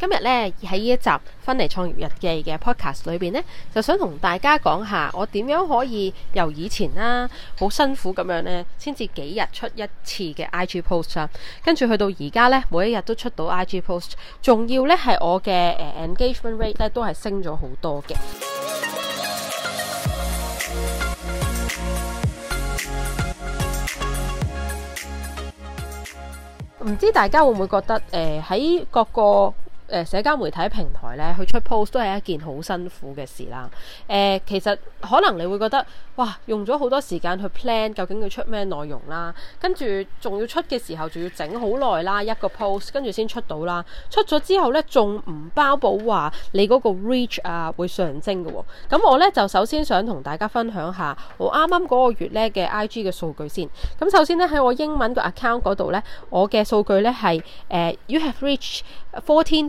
今日呢，喺呢一集《芬尼創業日記》嘅 Podcast 裏邊呢，就想同大家講下我點樣可以由以前啦、啊，好辛苦咁樣呢，先至幾日出一次嘅 IG post、啊、跟住去到而家呢，每一日都出到 IG post，仲要呢，係我嘅誒、呃、engagement rate 呢都係升咗好多嘅。唔 知大家會唔會覺得誒喺、呃、各個誒、呃、社交媒體平台咧，去出 post 都係一件好辛苦嘅事啦。誒、呃，其實可能你會覺得，哇，用咗好多時間去 plan，究竟要出咩內容啦，跟住仲要出嘅時候仲要整好耐啦，一個 post 跟住先出到啦。出咗之後呢，仲唔包保話你嗰個 reach 啊會上升嘅，哦。咁我呢，就首先想同大家分享下我啱啱嗰個月呢嘅 IG 嘅數據先。咁首先呢，喺我英文個 account 嗰度呢，我嘅數據呢係誒、呃、you have reached fourteen。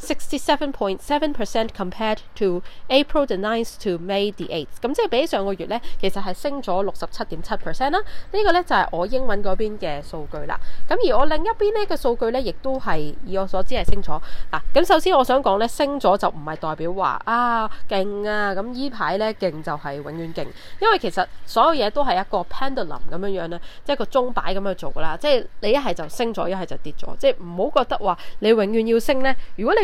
sixty-seven point seven percent compared to April the ninth to May the eighth，咁即係比上個月咧，其實係升咗六十七點七 percent 啦。呢、這個咧就係我英文嗰邊嘅數據啦。咁而我另一邊呢嘅數據咧，亦都係以我所知係升咗。嗱、啊，咁首先我想講咧，升咗就唔係代表話啊勁啊，咁依排咧勁就係永遠勁，因為其實所有嘢都係一個 pendulum 咁樣樣咧，即係一個鐘擺咁去做噶啦。即係你一係就升咗，一係就跌咗，即係唔好覺得話你永遠要升咧。如果你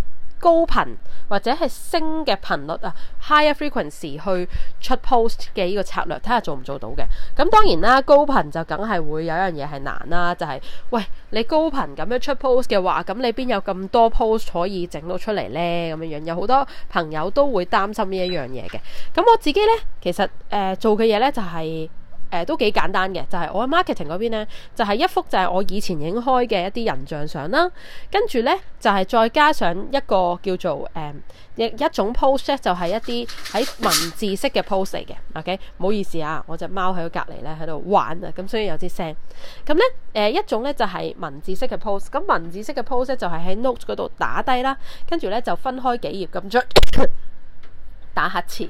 高頻或者係升嘅頻率啊、uh，higher frequency 去出 post 嘅呢個策略，睇下做唔做到嘅。咁當然啦，高頻就梗係會有一樣嘢係難啦，就係、係、喂你高頻咁樣出 post 嘅話，咁你邊有咁多 post 可以整到出嚟呢？咁樣樣有好多朋友都會擔心呢一樣嘢嘅。咁我自己呢，其實誒、呃、做嘅嘢呢就係、係。誒、呃、都幾簡單嘅，就係、是、我喺 marketing 嗰邊咧，就係、是、一幅就係我以前影開嘅一啲人像相啦，跟住呢，就係、是、再加上一個叫做誒一、呃、一種 post 就係一啲喺文字式嘅 post 嚟嘅。OK，唔好意思啊，我隻貓喺度隔離呢，喺度玩啊，咁、嗯、所以有啲聲。咁、嗯、呢，誒、呃、一種呢就係、是、文字式嘅 post，咁文字式嘅 post 就係喺 note 嗰度打低啦，跟住呢，就分開幾頁咁打下字。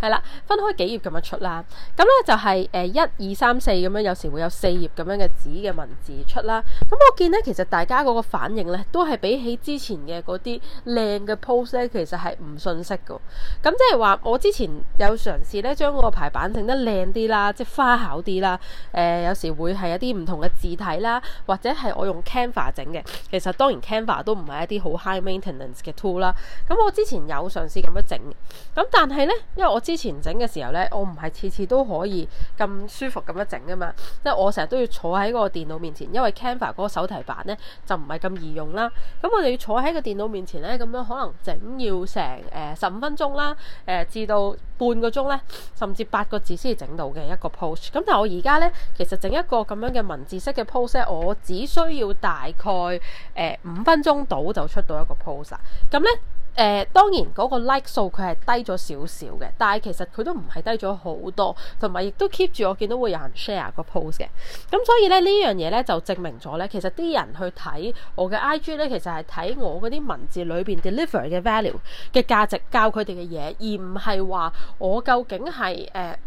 係啦，分開幾頁咁樣出啦。咁咧就係誒一二三四咁樣，有時會有四頁咁樣嘅紙嘅文字出啦。咁我見咧，其實大家嗰個反應咧，都係比起之前嘅嗰啲靚嘅 post 咧，其實係唔順色遜色嘅。咁即係話，我之前有嘗試咧，將嗰個排版整得靚啲啦，即係花巧啲啦。誒、呃，有時會係一啲唔同嘅字體啦，或者係我用 Canva 整嘅。其實當然 Canva 都唔係一啲好 high maintenance 嘅 tool 啦。咁我之前有嘗試咁樣整，咁但係咧。因為我之前整嘅時候呢，我唔係次次都可以咁舒服咁樣整㗎嘛，即係我成日都要坐喺個電腦面前，因為 Canva 嗰個手提板呢就唔係咁易用啦。咁我哋要坐喺個電腦面前呢，咁樣可能整要成誒十五分鐘啦，誒、呃、至到半個鐘呢，甚至八個字先至整到嘅一個 post。咁但係我而家呢，其實整一個咁樣嘅文字式嘅 post，我只需要大概誒五、呃、分鐘到就出到一個 post。咁呢。誒、呃、當然嗰個 like 數佢係低咗少少嘅，但係其實佢都唔係低咗好多，同埋亦都 keep 住我見到會有人 share 個 post 嘅。咁所以咧，呢樣嘢咧就證明咗咧，其實啲人去睇我嘅 IG 咧，其實係睇我嗰啲文字裏邊 deliver 嘅 value 嘅價值教佢哋嘅嘢，而唔係話我究竟係誒、呃、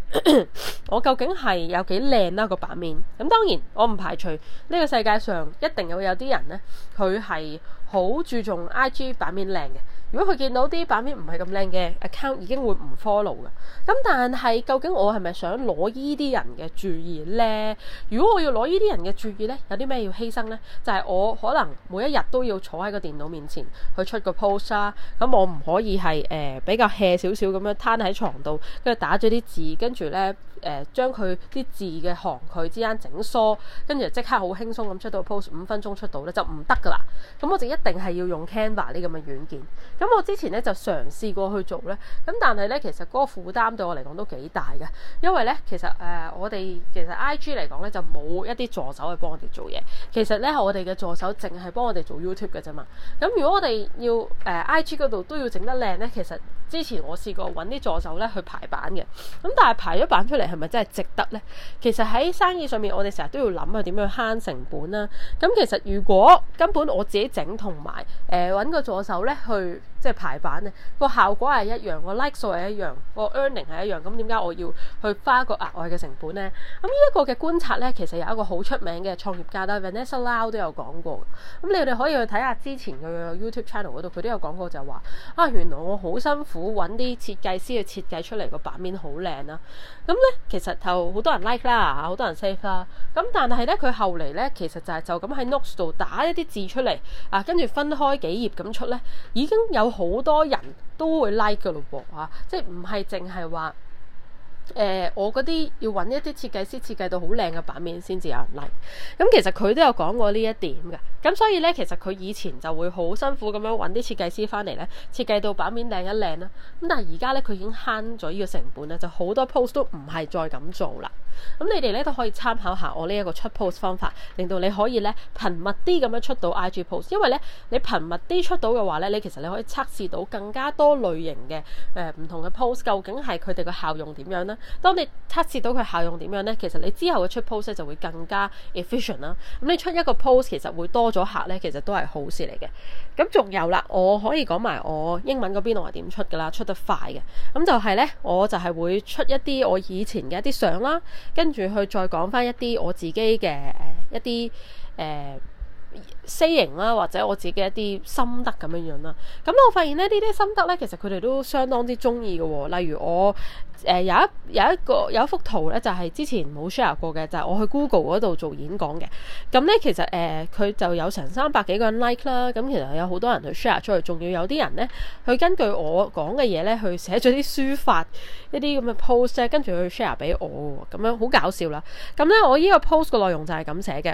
我究竟係有幾靚啦個版面。咁當然我唔排除呢、這個世界上一定會有啲人咧，佢係好注重 IG 版面靚嘅。如果佢見到啲版面唔係咁靚嘅 account 已經會唔 follow 㗎，咁但係究竟我係咪想攞依啲人嘅注意呢？如果我要攞依啲人嘅注意呢，有啲咩要犧牲呢？就係、是、我可能每一日都要坐喺個電腦面前去出個 post 啦、啊，咁我唔可以係誒、呃、比較 hea 少少咁樣攤喺床度，跟住打咗啲字，跟住呢，誒、呃、將佢啲字嘅行距之間整疏，跟住即刻好輕鬆咁出到 post，五分鐘出到呢，就唔得㗎啦。咁我就一定係要用 Canva 呢咁嘅軟件。咁我之前咧就嘗試過去做咧，咁但係咧其實嗰個負擔對我嚟講都幾大嘅，因為咧其實誒我哋其實 IG 嚟講咧就冇一啲助手去幫我哋做嘢，其實咧我哋嘅助手淨係幫我哋做 YouTube 嘅啫嘛，咁如果我哋要誒 IG 嗰度都要整得靚咧，其實。呃之前我試過揾啲助手咧去排版嘅，咁但係排咗版出嚟係咪真係值得呢？其實喺生意上面，我哋成日都要諗下，點樣慳成本啦。咁其實如果根本我自己整同埋誒揾個助手咧去。即係排版咧，個效果係一樣，個 like 數係一樣，個 earning 係一樣，咁點解我要去花一個額外嘅成本咧？咁呢一個嘅觀察咧，其實有一個好出名嘅創業家啦，Vanessa Lau 都有講過，咁你哋可以去睇下之前嘅 YouTube channel 度，佢都有講過就話啊，原來我好辛苦揾啲設計師去設計出嚟個版面好靚啦。咁咧其實就好多人 like 啦，好多人 save 啦。咁但係咧佢後嚟咧，其實就係就咁喺 Notes 度打一啲字出嚟啊，跟住分開幾頁咁出咧，已經有。好多人都會 like 㗎咯噃嚇，即係唔係淨係話。誒、呃，我嗰啲要揾一啲設計師設計到好靚嘅版面先至有人嚟 like。咁、嗯、其實佢都有講過呢一點嘅。咁所以呢，其實佢以前就會好辛苦咁樣揾啲設計師返嚟呢，設計到版面靚一靚啦。咁但係而家呢，佢已經慳咗呢個成本啦，就好多 post 都唔係再咁做啦。咁你哋呢都可以參考下我呢一個出 post 方法，令到你可以呢頻密啲咁樣出到 IG post。因為呢，你頻密啲出到嘅話呢，你其實你可以測試到更加多類型嘅呃、唔同嘅 post，究竟係佢哋個效用點樣呢？當你測試到佢效用點樣呢，其實你之後嘅出 post 就會更加 efficient 啦。咁你出一個 post 其實會多咗客呢，其實都係好事嚟嘅。咁仲有啦，我可以講埋我英文嗰邊我係點出噶啦，出得快嘅。咁就係呢，我就係會出一啲我以前嘅一啲相啦，跟住去再講翻一啲我自己嘅、呃、一啲誒。呃 C 型啦，ing，或者我自己一啲心得咁樣樣啦。咁我發現呢呢啲心得呢，其實佢哋都相當之中意嘅。例如我誒、呃、有一有一個有一幅圖呢，就係、是、之前冇 share 過嘅，就係、是、我去 Google 嗰度做演講嘅。咁呢，其實誒佢、呃、就有成三百幾個人 like 啦。咁其實有好多人去 share 出去，仲要有啲人呢，去根據我講嘅嘢呢，去寫咗啲書法一啲咁嘅 post 跟住去 share 俾我，咁樣好搞笑啦。咁呢，我呢個 post 嘅內容就係咁寫嘅。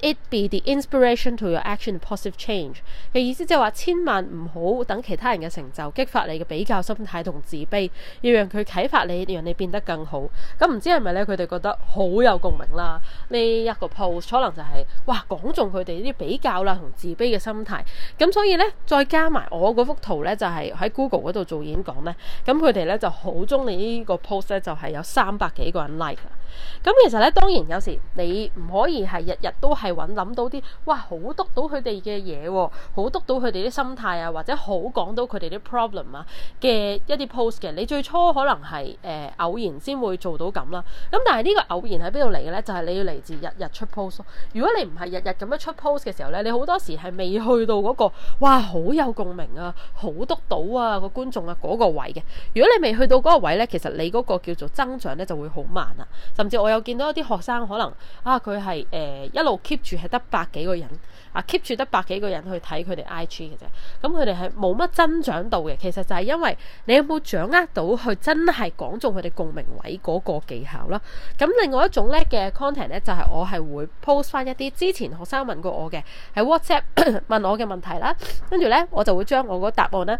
It be the inspiration to your action, the positive change 嘅意思，即係話千萬唔好等其他人嘅成就激發你嘅比較心態同自卑，要讓佢啟發你，讓你變得更好。咁唔知係咪咧？佢哋覺得好有共鳴啦。呢、這、一個 post 可能就係、是、哇，講中佢哋啲比較啦同自卑嘅心態。咁所以呢，再加埋我嗰幅圖呢，就係、是、喺 Google 嗰度做演講呢。咁佢哋呢就好中意呢個 post 呢，就係、是、有三百幾個人 like。咁其實咧，當然有時你唔可以係日日都係搵諗到啲哇好督到佢哋嘅嘢，好督到佢哋啲心態啊，或者好講到佢哋啲 problem 啊嘅一啲 post 嘅。你最初可能係誒、呃、偶然先會做到咁啦、啊。咁但係呢個偶然喺邊度嚟嘅呢？就係、是、你要嚟自日日出 post。如果你唔係日日咁樣出 post 嘅時候呢，你好多時係未去到嗰、那個哇好有共鳴啊，好督到啊、那個觀眾啊嗰、那個位嘅。如果你未去到嗰個位呢，其實你嗰個叫做增長呢，就會好慢啊。甚至我有見到一啲學生可能啊，佢係誒一路 keep 住係得百幾個人，啊 keep 住得百幾個人去睇佢哋 IG 嘅啫，咁佢哋係冇乜增長度嘅。其實就係因為你有冇掌握到佢真係講中佢哋共鳴位嗰個技巧啦。咁另外一種咧嘅 content 咧，就係我係會 post 翻一啲之前學生問過我嘅、喺 WhatsApp 問我嘅問題啦，跟住咧我就會將我個答案咧。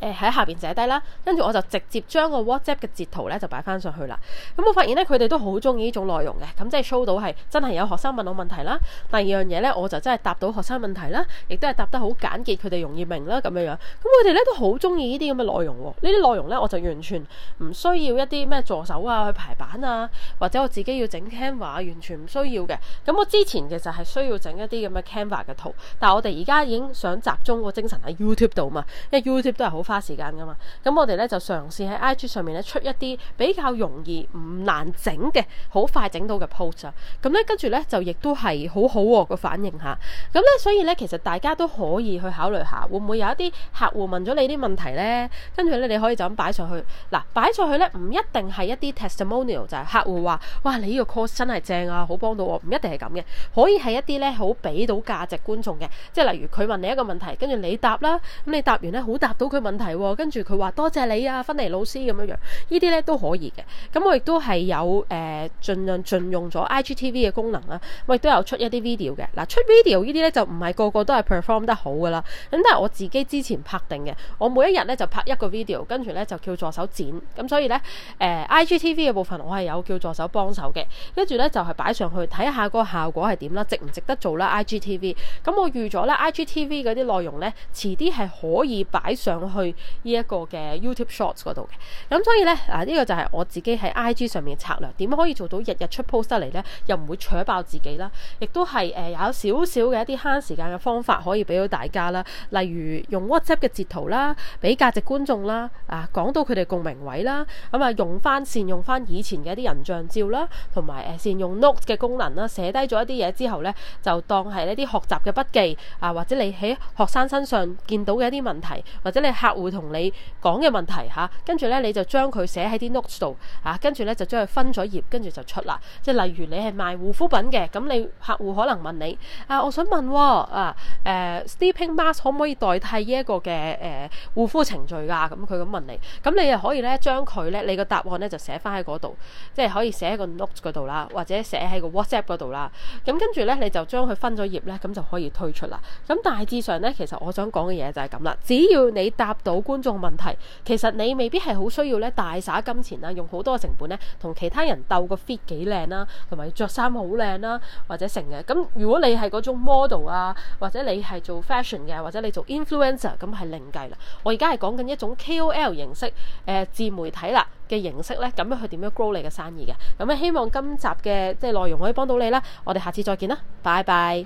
誒喺下邊寫低啦，跟住我就直接將個 WhatsApp 嘅截圖咧就擺翻上去啦。咁我發現呢，佢哋都好中意呢種內容嘅，咁即係 show 到係真係有學生問我問題啦。第二樣嘢呢，我就真係答到學生問題啦，亦都係答得好簡潔，佢哋容易明啦咁樣樣。咁佢哋呢都好中意呢啲咁嘅內容喎。呢啲內容呢，我就完全唔需要一啲咩助手啊去排版啊，或者我自己要整 Canva，完全唔需要嘅。咁我之前其實係需要整一啲咁嘅 Canva 嘅圖，但係我哋而家已經想集中個精神喺 YouTube 度嘛，因為 YouTube 都係好花時間噶嘛，咁我哋咧就嘗試喺 IG 上面咧出一啲比較容易唔難整嘅，好快整到嘅 post 啊。咁咧跟住咧就亦都係好好、啊這個反應吓，咁、嗯、咧所以咧其實大家都可以去考慮下，會唔會有一啲客戶問咗你啲問題咧？跟住咧你可以就咁擺上去。嗱，擺上去咧唔一定係一啲 testimonial，就係客戶話：哇，你呢個 course 真係正啊，好幫到我。唔一定係咁嘅，可以係一啲咧好俾到價值觀眾嘅，即係例如佢問你一個問題，跟住你答啦。咁你答完咧，好答到佢問，佢問題跟住佢話多謝你啊，芬尼老師咁樣樣，呢啲咧都可以嘅。咁我亦都係有誒、呃、盡量盡用咗 IGTV 嘅功能啦，我亦都有出一啲 video 嘅。嗱，出 video 呢啲咧就唔係個個都係 perform 得好噶啦。咁但係我自己之前拍定嘅，我每一日咧就拍一個 video，跟住咧就叫助手剪。咁所以咧，誒、呃、IGTV 嘅部分我係有叫助手幫手嘅，跟住咧就係、是、擺上去睇下個效果係點啦，值唔值得做啦 IGTV。咁 IG 我預咗咧 IGTV 嗰啲內容咧，遲啲係可以擺上去。呢一個嘅 YouTube Shorts 嗰度嘅，咁所以呢，啊，呢、這個就係我自己喺 IG 上面嘅策略，點可以做到日日出 post 嚟呢？又唔會扯爆自己啦，亦都係誒、呃、有少少嘅一啲慳時間嘅方法可以俾到大家啦，例如用 WhatsApp 嘅截圖啦，俾價值觀眾啦，啊講到佢哋共鳴位啦，咁啊用翻善用翻以前嘅一啲人像照啦，同埋誒善用 Note 嘅功能啦，寫低咗一啲嘢之後呢，就當係一啲學習嘅筆記啊，或者你喺學生身上見到嘅一啲問題，或者你客會同你講嘅問題嚇，跟住咧你就將佢寫喺啲 notes 度啊，跟住咧就將佢分咗頁，跟住就出啦。即係例如你係賣護膚品嘅，咁你客戶可能問你啊，我想問啊，誒、呃、sleeping mask 可唔可以代替呢一個嘅誒護膚程序㗎？咁佢咁問你，咁你又可以咧將佢咧你個答案咧就寫翻喺嗰度，即係可以寫喺個 note 嗰度啦，或者寫喺個 WhatsApp 嗰度啦。咁跟住咧你就將佢分咗頁咧，咁就可以推出啦。咁大致上咧，其實我想講嘅嘢就係咁啦。只要你答到觀眾問題，其實你未必係好需要咧，大灑金錢啦、啊，用好多嘅成本咧，同其他人鬥個 fit 幾靚啦，同埋着衫好靚啦，或者成嘅。咁如果你係嗰種 model 啊，或者你係做 fashion 嘅，或者你做 influencer，咁係另計啦。我而家係講緊一種 KOL 形式，誒、呃、自媒體啦嘅形式咧，咁樣去點樣 grow 你嘅生意嘅。咁啊，希望今集嘅即係內容可以幫到你啦。我哋下次再見啦，拜拜。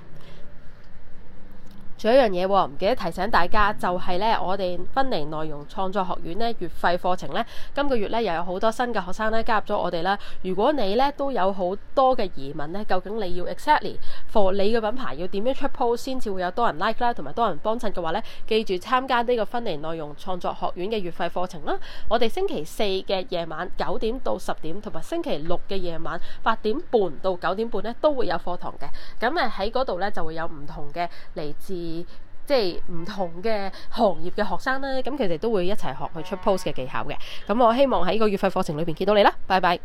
仲有一樣嘢喎，唔記得提醒大家，就係呢。我哋芬尼內容創作學院咧，月費課程咧，今個月呢，又有好多新嘅學生咧加入咗我哋啦。如果你呢都有好多嘅疑問咧，究竟你要 exactly for 你嘅品牌要點樣出 post 先至會有多人 like 啦，同埋多人幫襯嘅話呢，記住參加呢個芬尼內容創作學院嘅月費課程啦。我哋星期四嘅夜晚九點到十點，同埋星期六嘅夜晚八點半到九點半呢，都會有課堂嘅。咁誒喺嗰度呢，就會有唔同嘅嚟自。即係唔同嘅行業嘅學生呢，咁佢哋都會一齊學去出 post 嘅技巧嘅。咁我希望喺呢個月費課程裏邊見到你啦，拜拜。